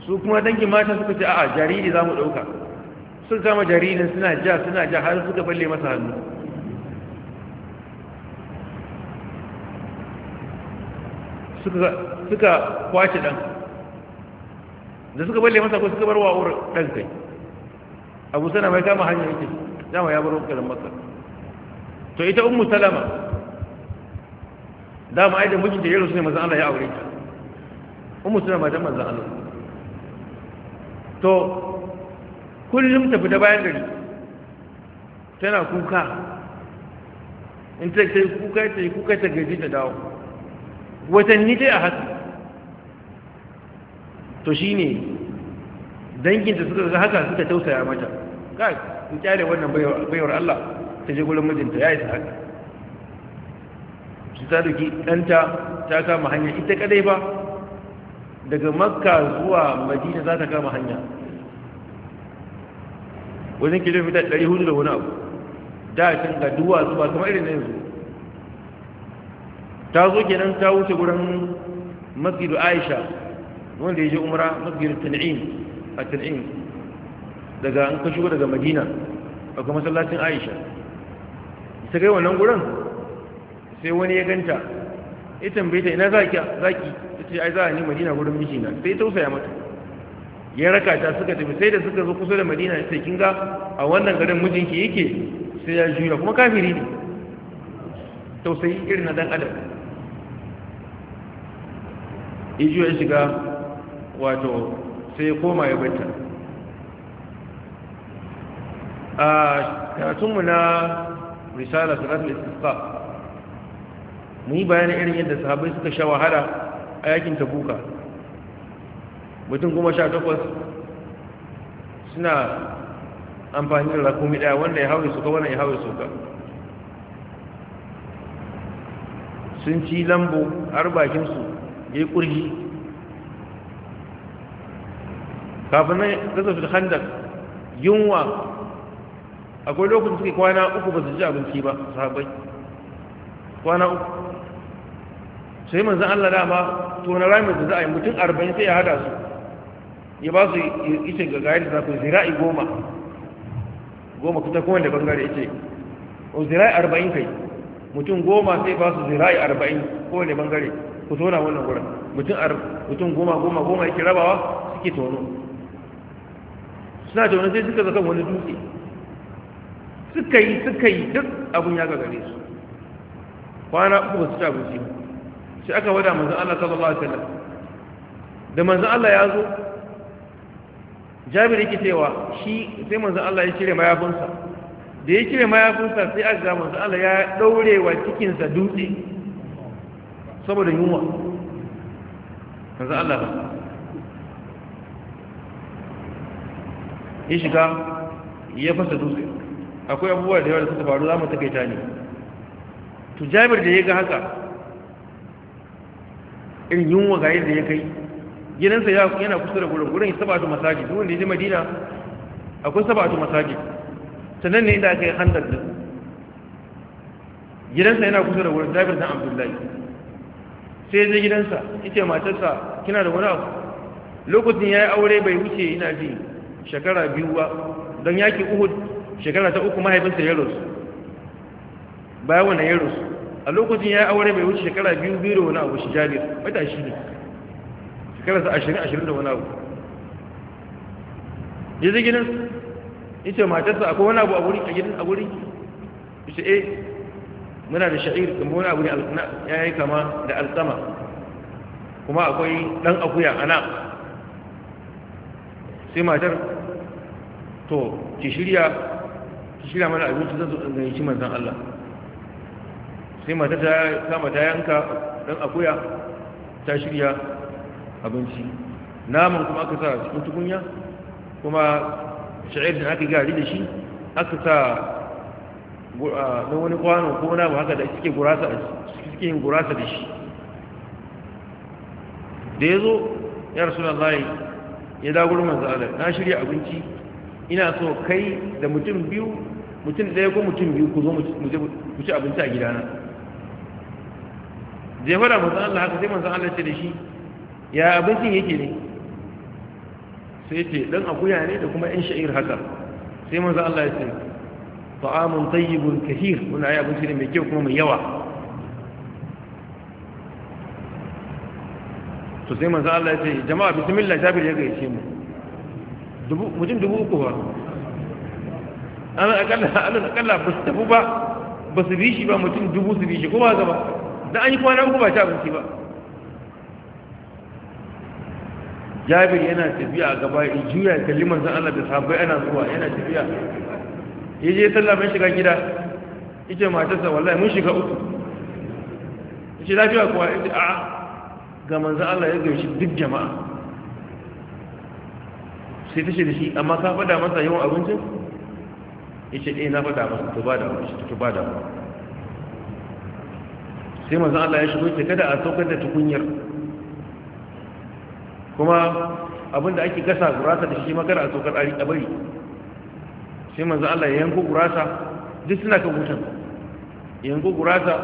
su kuma dangin mata suka ce a'a jariri za mu ɗauka sun kama jaririn suna ja suna ja har suka balle masa hannu suka kwace ɗan da suka balle masa ko suka bar wa'ur ɗan kai abu sana mai kama hanyar yake dama ya bar ƙarin masa to ita ummu salama dama ai da mijinta ya rasu ne manzon Allah ya aure ta ummu suna matan manzon Allah to kullum ta fita bayan gari tana kuka in ta ce kuka ta yi kuka ta gaji ta dawo watanni ta yi a haka to shi ne danginta suka ga haka suka tausaya mata kai in kyale wannan baiwar Allah ta je gurin mijinta ya yi ta haka su ta duki ɗanta ta kama hanya ita kadai ba daga makka zuwa madina za ta kama hanya wajen kilomita 400 da wani abu da can ga duwatsu ba kamar irin yanzu ta zo kenan ta wuce wurin masjidu aisha wanda ya je umara masjidu tan'im a tan'im daga an ka daga madina akwai masallacin aisha ta kai wannan gurin sai wani ya ganta ya tambaye ta ina zaki zaki ta ce ai za a ni madina gurin mijina sai tausaya mata ya raka ta suka tafi sai da suka zo kusa da madina sai kin ga a wannan garin mijinki yake sai ya juya kuma kafiri ne tausayi irin na dan adam ya ya shiga wato sai ya koma ya bata a karatunmu na risala salatu istisqa mu yi bayanin irin yadda sahabai suka sha wahala a yakin tabuka mutum kuma sha takwas suna amfani da rakumi daya wanda ya haure suka wanda ya haure suka sun ci lambo har bakinsu ya yi ƙurji kafin nan gasa fil handar yunwa akwai lokacin suke kwana uku ba su ji abinci ba sahabai kwana uku sai manzan Allah dama to na ramin da za a yi mutum arba'in sai ya hada su ya ba su ice ga gayar da za ku zira'i goma goma kuta kowane bangare ce o zira'i arba'in kai mutum goma sai ba su zira'i arba'in kowane bangare ku tona wannan wurin mutum goma goma goma yake rabawa suke tono suna tono sai suka zaka wani dutse suka yi suka yi duk abun ya gagare su kwana uku ba su ci abinci shi aka wada manzan Allah sallallahu alaihi wasallam da manzan Allah ya zo Jabir yake cewa shi sai manzan Allah ya cire mayafinsa da ya cire mayafinsa sai aka ga manzan Allah ya daure wa cikinsa dutse saboda yunwa manzan Allah ba ya shiga ya fasa dutse akwai abubuwa da yawa da suka faru za mu takaita ne to Jabir da ya ga haka irin yunwa ga yadda ya kai gidansa yana kusa da gurin gurin su masajid duk wanda ya je madina akwai su masajid sannan ne inda aka yi handar da gidansa yana kusa da gurin jabir dan abdullahi sai ya je gidansa yace matarsa kina da wani abu lokacin ya yi aure bai wuce ina ji shekara biyu ba don yaki uhud shekara ta uku mahaifinsa ya rasu bayan wannan ya a lokacin ya yi aure mai wuce shekara biyu biyu da wani abu shi jabir matashi ne shekararsa ashirin ashirin da wani abu ya zai gidansu ya ce matarsa akwai wani abu a a gidan a wuri ya ce eh muna da sha'ir kuma wani abu ne ya yi kama da alsama kuma akwai ɗan akuya a nan sai matar to ki shirya ki shirya mana abinci zan zo in gani shi manzan Allah sai mata ta kama ta yanka dan akuya ta shirya abinci naman kuma aka sa cikin tukunya kuma sha'ir da aka gari da shi aka sa na wani kwano ko na ba haka da suke yin gurasa da shi da ya zo ya rasu na zai ya daguru manzo Allah na shirya abinci ina so kai da mutum biyu mutum ɗaya ko mutum biyu ku zo mu ci abinci a gidana zai fada manzan Allah haka sai manzan Allah ce da shi ya abincin yake ne sai ce dan akuya ne da kuma yan sha'ir haka sai manzan Allah ya ce ta'amun tayyibun kathir wani ayi abinci ne mai kyau kuma mai yawa to sai manzan Allah ya ce jama'a bismillah jabir ya gaishe mu mutum dubu uku ba an akalla an akalla ba su tafi ba ba su ba mutum dubu su bi ko ba gaba da an yi kwana uku ba ci abinci ba jabir yana tafiya a gaba ya juya kalli manzan Allah da sabai ana zuwa yana tafiya ya je sallah mai shiga gida ita matarsa wallahi mun shiga uku ya ce lafiya kuwa ita a ga manzan Allah ya gaishe duk jama'a sai ta shi da shi amma ka faɗa masa yawan abincin ya ce ɗaya eh, na faɗa masa to ba da to ba da sai mazan Allah ya shigo ke kada a saukar da tukunyar kuma abinda ake gasa gurasa da shi makara a saukar ari a bari sai mazan Allah ya yanko gurasa duk suna kan hutun yanko gurasa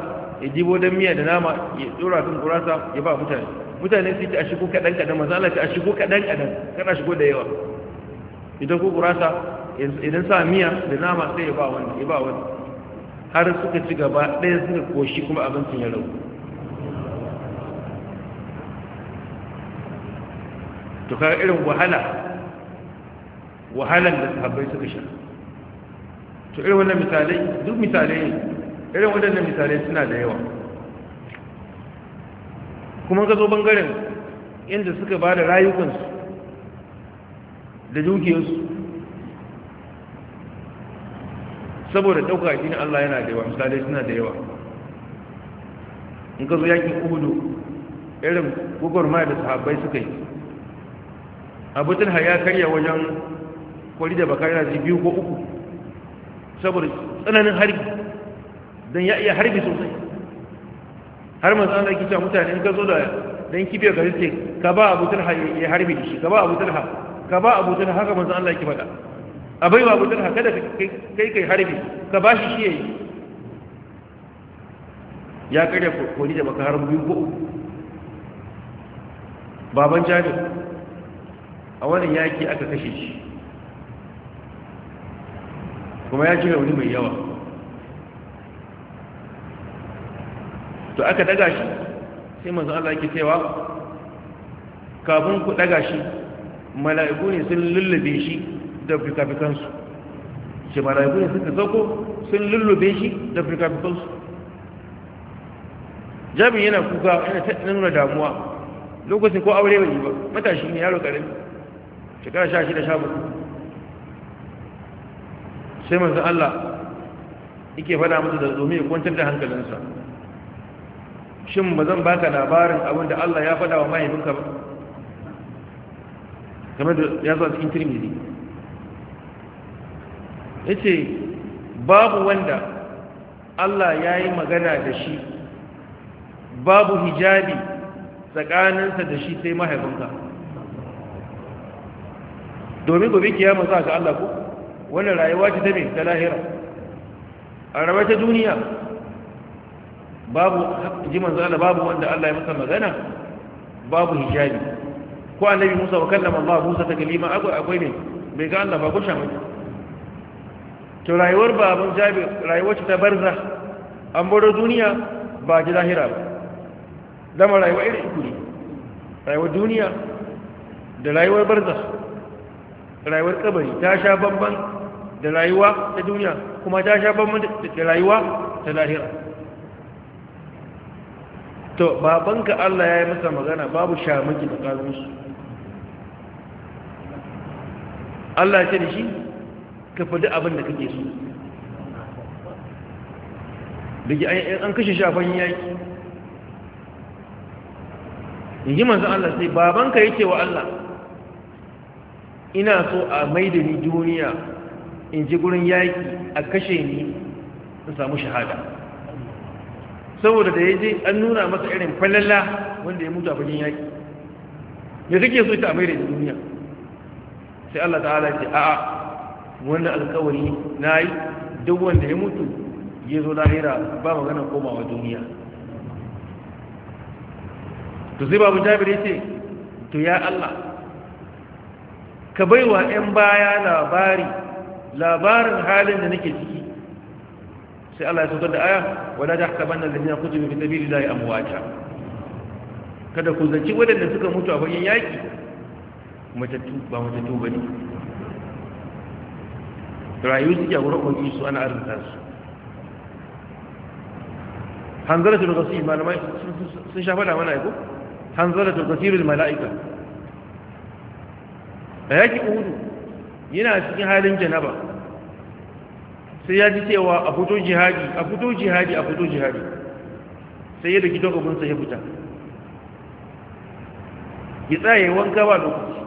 ya jibo don miya da nama ya tsora kan gurasa ya ba mutane mutane su ci a shigo kadan kadan manzo Allah ya a shigo kadan kadan kana shigo da yawa idan ko gurasa idan sa miya da nama sai ya ba wani ya ba wani har suka ci gaba ɗaya suka koshi kuma abincin ya To tukar irin wahala wahalan da sahabbai suka sha to irin wannan misalai duk misalai irin waɗannan misalai suna da yawa kuma ka zo bangaren inda suka ba da rayukansu da dukiyarsu saboda ɗauka addinin Allah yana da yawa misalai suna da yawa in ka zo yakin uhudu irin gugurma da sahabbai suka yi Abu-Talha ya karya wajen kwari da baka yana biyu ko uku saboda tsananin harbi don ya iya harbi sosai har matsan da kicin mutane in ka zo da don kibiyar gari ce ka ba Abu-Talha ya harbi da shi ka ba Abu-Talha, ka ba Abu-Talha, haka matsan Allah ki faɗa a baiwa mutum haka da kai kai harbi ka bashi shi yayi ya karya koli da maka harin biyu ko baban Jami, a wannan yaki aka kashe shi kuma ya ji rauni mai yawa to aka daga shi sai manzo Allah yake cewa kafin ku daga shi mala'iku ne sun lullube shi da fikafikansu shi mala'iku ne suka sauko sun lullube shi da fikafikansu jami'in yana kuka yana ta nuna damuwa lokacin ko aure bai yi ba matashi ne yaro karami shekara sha shida sha bukuku sai masu Allah yake fada musu da zomi ya kwantar da hankalinsa shin ba zan baka labarin abin da Allah ya fada wa mahaifinka ba game da ya zuwa a cikin tirmidhi yace babu wanda Allah ya yi magana da shi babu hijabi tsakaninsa da shi sai mahaifinka domin gobe kiyama za ga Allah ko wannan rayuwa ta mai ta lahira a raba ta duniya babu jiman zala babu wanda Allah ya masa magana babu hijabi ko annabi Musa wa kallama Allah Musa ta kalima akwai ne bai ga Allah ba ko shamaki to rayuwar baban jabi rayuwar ta barza an baro duniya ba ji lahira ba Zama rayuwa irin iku ne rayuwar duniya da rayuwar barza rayuwar kabari ta sha bamban da rayuwa ta duniya kuma ta sha bamban da rayuwa ta lahira to babanka Allah ya yi masa magana babu shamaki da ƙarfinsu Allah ce da shi ka faɗi abin da kake so daga an kashe shafan yaki ji manzan Allah sai babanka yake wa Allah ina so a maida ni duniya in ji gurin yaki a kashe ni in samu shahada saboda da ya je an nuna masa irin falalla wanda ya mutu a fagen yaki me kake so ita a maida ni duniya sai Allah ta'ala ce a'a wannan alkawari na yi duk wanda ya mutu ya zo lahira ba magana komawa duniya to sai babu jabiri ya ce to ya Allah ka baiwa 'yan baya labari labarin halin da nake ciki sai Allah ya saukar da aya wala ta hasaban nan da kutubu fi sabilillahi amwata kada ku zaci waɗanda suka mutu a bayan yaki matattu ba matattu bane rayu suke a wurin su ana arzika su hanzara da kasiri malamai sun shafa da mana aiko hanzara da kasirin mala'ika da yaki uhudu yana cikin halin janaba sai ya ji cewa a fito jihadi a fito jihadi a fito jihadi sai ya da gidan abunsa ya fita ya tsaye wanka ba lokaci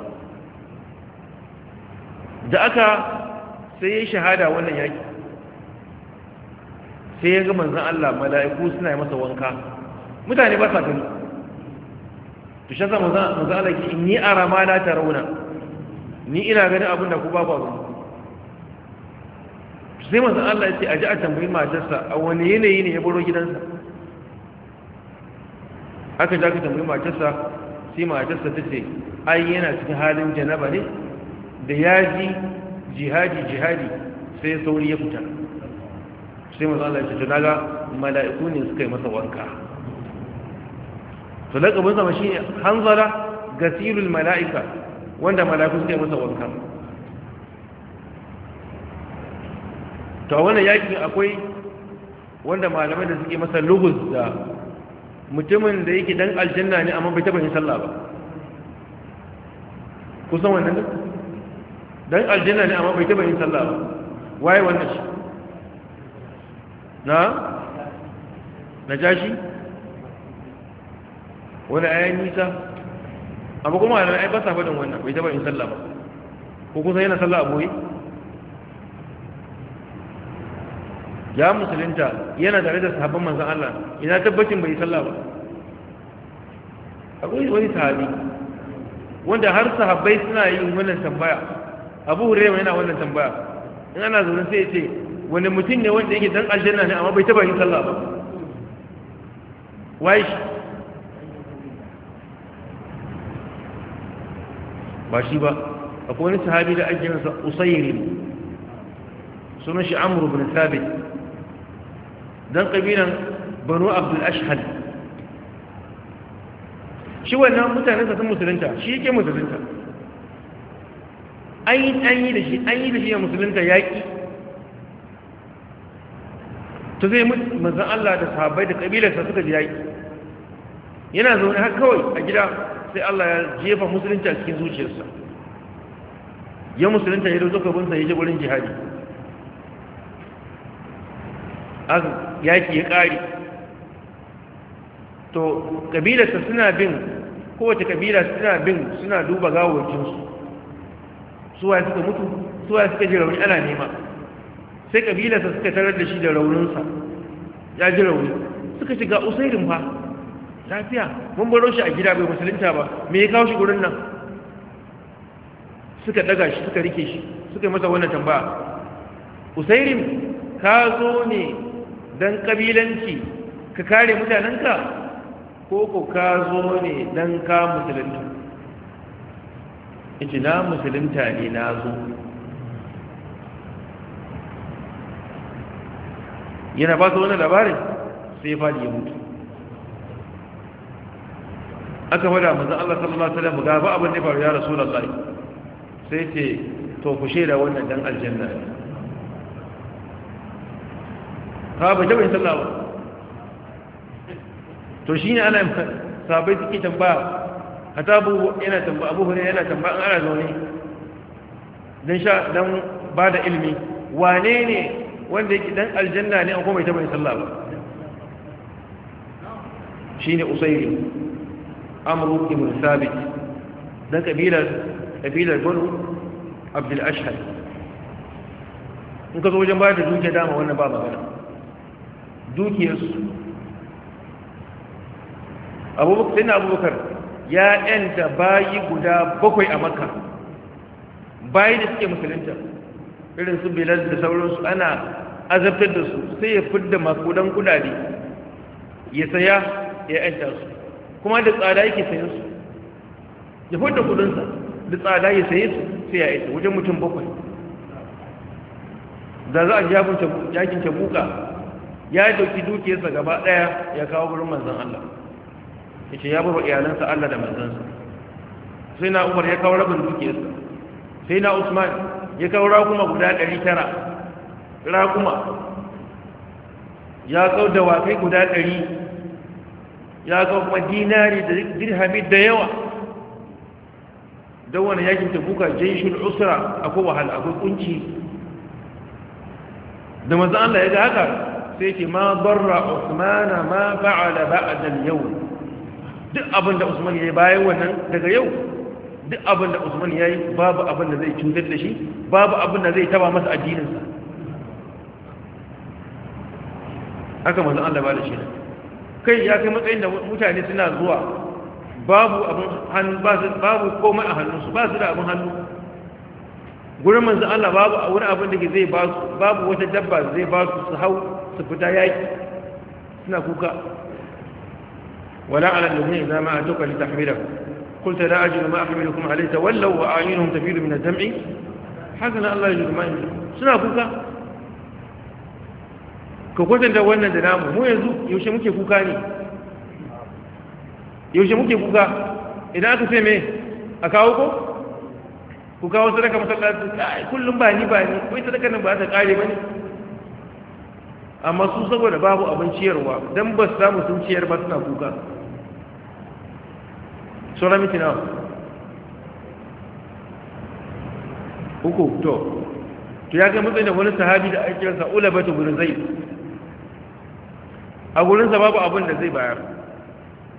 da aka sai ya yi shahada wannan yaki sai ya ga manzan Allah mala'iku suna yi masa wanka mutane ba sa gani to shi manzan Allah ki ni arama na rauna. ni ina ganin abin da ku ba ku abin sai manzan Allah ya ce a ji a tambayi matarsa a wani yanayi ne ya baro gidansa aka ji aka tambayi matarsa sai matarsa ta ce ai yana cikin halin janaba ne da ya ji jihadi jihadi sai sauri ya fita sai masu Allah ya ce naga mala'iku ne suka yi masa wanka to lakabin sama shi hanzala gasirul mala'ika wanda mala'iku suka yi masa wanka to a wani yakin akwai wanda malamai da suke masa lugus da mutumin da yake dan aljanna ne amma bai taba yin sallah ba kusan wannan duk dan aljanna ne amma bai taba yin sallah ba waye wannan shi na jashi? wani ayan nisa abu kuma a ai ba sa wannan bai taba yin sallah ba ko kusa yana sallah a boye ya musulunta yana tare da sahabban manzan Allah ina tabbacin bai yi sallah ba akwai wani sahabi wanda har sahabbai suna yin wannan tambaya abu hurairu yana wannan tambaya in ana zaune sai ya ce wani mutum ne wanda yake dan aljanna ne amma bai taba yin sallah ba wai shi ba shi ba akwai wani sahabi da ake nasa usairin sunan shi amru bin sabit dan kabilan banu abdul ashhad shi wannan mutanen sa sun musulunta shi yake musulunta an yi da shi an yi da shi ya musulunta yaƙi Ta zai manzan Allah da sahabbai da ƙabilarsa suka ji yaƙi yana zaune har kawai a gida sai Allah ya jefa musulunci a cikin zuciyarsa ya musulunta ya dozo kabinsa ya ji wurin jihadi yaƙi ya ƙari to ƙabilarsa suna bin kowace ƙabila suna bin suna duba gawacinsu suwaye suka mutu suwaye suka ji rauni ana nema sai kabilarsa suka tarar da shi da rauninsa ya ji rauni suka shiga usairin fa lafiya mun baro shi a gida bai musulunta ba me ya kawo shi gurin nan suka daga shi suka rike shi suka yi masa wannan tambaya usairin ka zo ne don kabilanci ka kare mutanenka ko ko ka zo ne don ka musulunta yace na musulunta ne na zo yana ba su wani labarin sai fadi ya mutu aka wada manzan Allah sallallahu Alaihi wasallam ga ba abin da faru ya rasu sai ce to ku shaida wannan dan aljanna ne ha ba jaba sallawa. to shi ne ana sabai suke tambaya hata abu yana tamba abu ne yana tamba an ana zaune don sha don ba da ilimi wane ne wanda yake dan aljanna ne an kuma ita bai sallah ba ne usayri amru ibn sabit dan kabilar kabilar banu abdul ashhad in ka zo wajen bayar da dukiya dama wannan ba magana dukiyarsu abubakar sai na abubakar ya yanta bayi guda bakwai a makka bayi da suke musulunta irin su bilal da sauransu ana azabtar da su sai ya fidda makudan kudade ya saya ya yanta su kuma da tsada yake sayan su ya fidda kudinsa da tsada ya saye su sai ya yanta wajen mutum bakwai da za a ji yakin tabuka ya dauki dukiyarsa gaba daya ya kawo gurin manzan Allah yace ya bar iyalansa Allah da manzansa sai na Umar ya kawo rabin dukiyarsa sai na Usman ya kawo raguma guda 900 raguma ya kawo dawakai guda 100 ya kawo kuma dinari da dirhami da yawa don wani yakin tabuka jaishul usra akwai wahala akwai kunci da manzo Allah ya ga haka sai ce ma barra usmana ma fa'ala ba'da al-yawm duk abin da usman ya yi bayan wannan daga yau duk abin da usman ya yi babu abin da zai cutar da shi babu abin da zai taba masa addininsa haka mazan allah ba da shi kai ya kai matsayin da mutane suna zuwa babu abin hannu babu komai a hannunsu ba su da abin hannu gurin manzan allah babu a wani abin da ke zai ba su babu wata dabba zai ba su su hau su fita yaki suna kuka ولا على الذين إذا ما أتوك لتحمله قلت لا أجل ما أحملكم عليه تولوا وأعينهم تفيد من الدمع حسنا الله يجد ما يملكم suna kuka ka دولنا wannan da namu mu yanzu yaushe muke kuka ne yaushe muke kuka idan aka a kawo ko ku kawo sadaka masallaci kullum ba ni ba ni nan ba ta kare ba ne amma su saboda babu abin ciyarwa dan ba su samu sun ciyar ba suna kuka sauran miki nawa uku to to ya ga matsayin da wani sahabi da ake kiransa ulabatu bin zaid a gurinsa babu abin da zai bayar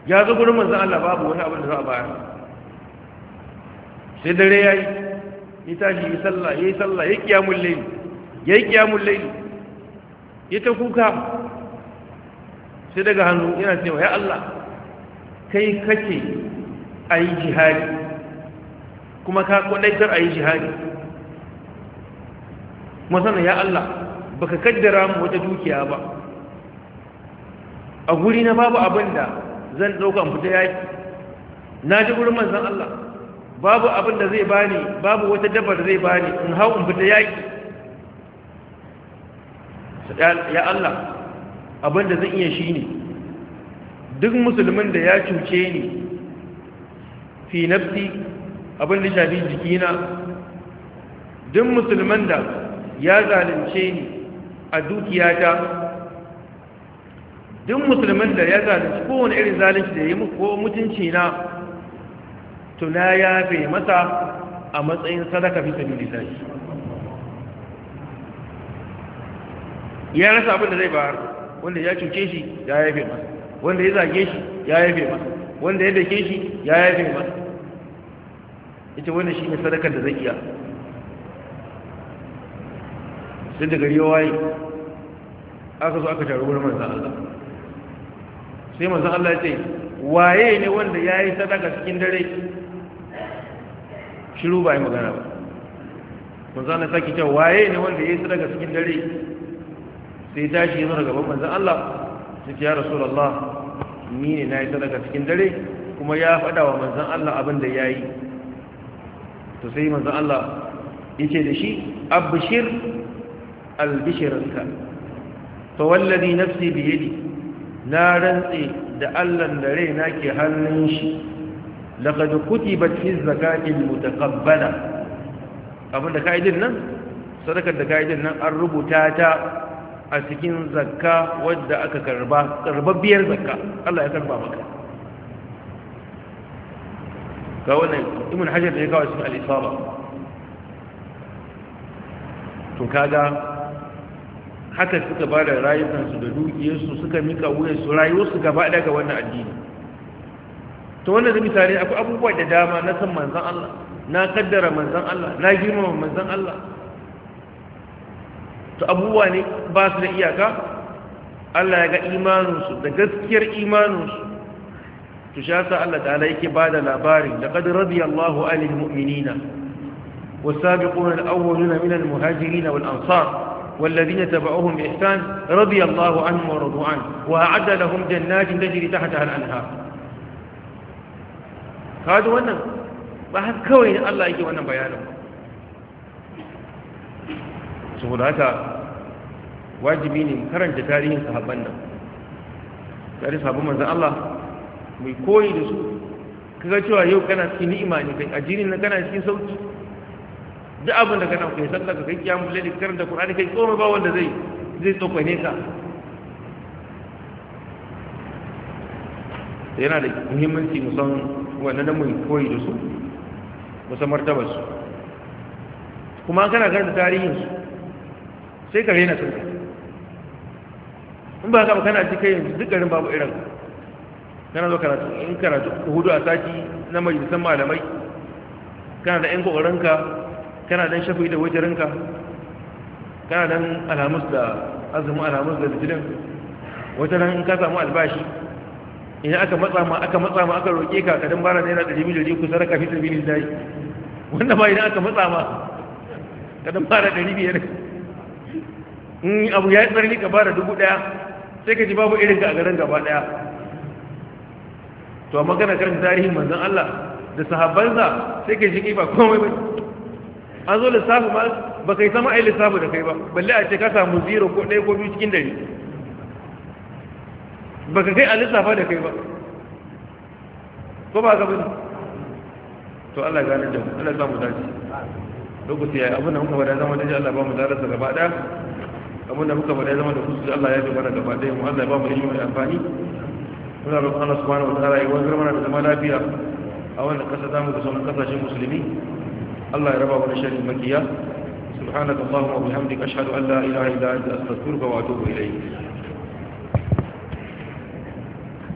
ya zo gurin manzan Allah babu wani abin da za a bayar sai dare ya yi ya tashi ya sallah ya yi sallah ya kiyamun laili ya yi kiyamun laili ya ta kuka sai daga hannu yana cewa ya Allah kai kake a yi jihadi kuma ka kwadaitar a yi jihadi masana ya Allah baka kaddara mu wata dukiya ba a guri na babu abinda zan zan ɗaukan fita yaki na ji gurin manzan Allah babu abinda zai bani babu wata dabar zai bani in hau in fita yaki ya Allah abinda zan iya shi ne duk musulmin da ya cuce ni fi nafsi abin da shafi jikina duk musulman da ya zalunce ni a dukiyata duk musulman da ya ko kowane irin zalunci da ya yi ko mutunci na tuna ya fi masa a matsayin sadaka fi sabi da ya rasa abin da zai ba wanda ya cuce shi ya yafe masa wanda ya zage shi ya yafe masa wanda ya dake shi ya yafe masa ita wani shi ne sadakar da zai iya sai daga gari yi aka zo aka taru wurin manzan Allah sai manzan Allah ya ce waye ne wanda ya yi sadaka cikin dare shiru ba yi magana ba manzan Allah sake cewa waye ne wanda ya yi sadaka cikin dare sai tashi ya zo gaban manzan Allah sai ce ya Allah ni ne na yi sadaka cikin dare kuma ya faɗa wa manzan Allah abin da ya yi to sai manzo Allah yace da shi abshir albishirka fa wallazi nafsi bi yadi rantsi da Allah da raina ke hannun shi laqad kutibat fi zakati almutaqabbala abinda kaidin nan sadakar da kaidin nan an rubuta ta a cikin zakka wadda aka karba karbabbiyar zakka Allah ya karba maka ga wannan ibn hajar da ya kawo cikin al to kaga haka suka ba da rayukansu da dukiyarsu suka mika wuyarsu rayuwarsu gaba ga wannan addini to wannan zabi tare akwai abubuwa da dama na san manzan Allah na kaddara manzan Allah na girmama manzan Allah to abubuwa ne ba su da iyaka Allah ya ga imaninsu da gaskiyar imaninsu Tu sha sa Allah ta'ala yake bada labarin laqad radiyallahu 'anil mu'minina was-sabiquna al-awwaluna min al-muhajirin wal-ansar والذين تبعوهم بإحسان رضي الله عنهم ورضوا عنه وأعد لهم جنات تجري تحتها الأنهار هذا وانا بحث كوين الله يجي وانا بيانه saboda haka wajibi ne karanta tarihin sahabban nan tarihin sahabban manzan Allah mai koyi da su kaga cewa yau kana cikin ni'ima ne kai ajirin na kana cikin sauki duk abin da kana kai sallah ka kai kiyamu lalle karanta qur'ani kai komai ba wanda zai zai tsokane ka yana da muhimmanci mu san wannan da mai koyi da su mu san martabar su kuma kana karanta tarihin su sai ka rena sun in ba ka kana cikin yanzu duk garin babu irin kana zo karatu in karatu hudu a sati na majalisar malamai kana da yan kokarinka kana dan shafi da wajarinka kana dan alhamus da azumin alhamus da litinin wata nan in ka samu albashi idan aka matsa ma aka matsa ma aka roƙe ka ka dan bara naira ɗari miliyan ku saraka fi sabilin dai wanda ba idan aka matsa ma ka dan bara ɗari biyar in abu ya tsarni ka bara dubu ɗaya sai ka ji babu irin ka a garin gaba ɗaya to amma kana karanta tarihin manzon Allah da sahabbansa sai kai shiki ba komai ba an zo lissafi ma ba kai sama ai lissafi da kai ba balle a ce ka samu zero ko ɗaya ko biyu cikin dari ba ka kai a lissafa da kai ba ko ba ka bani to Allah gane da Allah ba mu dace lokaci yayi abin da muka bada zama da Allah ba mu darasa gaba ɗaya abin da muka bada zama da kusa, Allah ya ji mana gaba ɗaya mu Allah ba mu yi da amfani muna roƙon Allah subhanahu wa ta'ala ya wanzar mana da zama lafiya a wannan ƙasa zamu da sauran ƙasashen musulmi Allah ya raba mu da sharrin makiya subhanakallahumma wa bihamdika ashhadu an la ilaha illa anta astaghfiruka wa atubu ilayk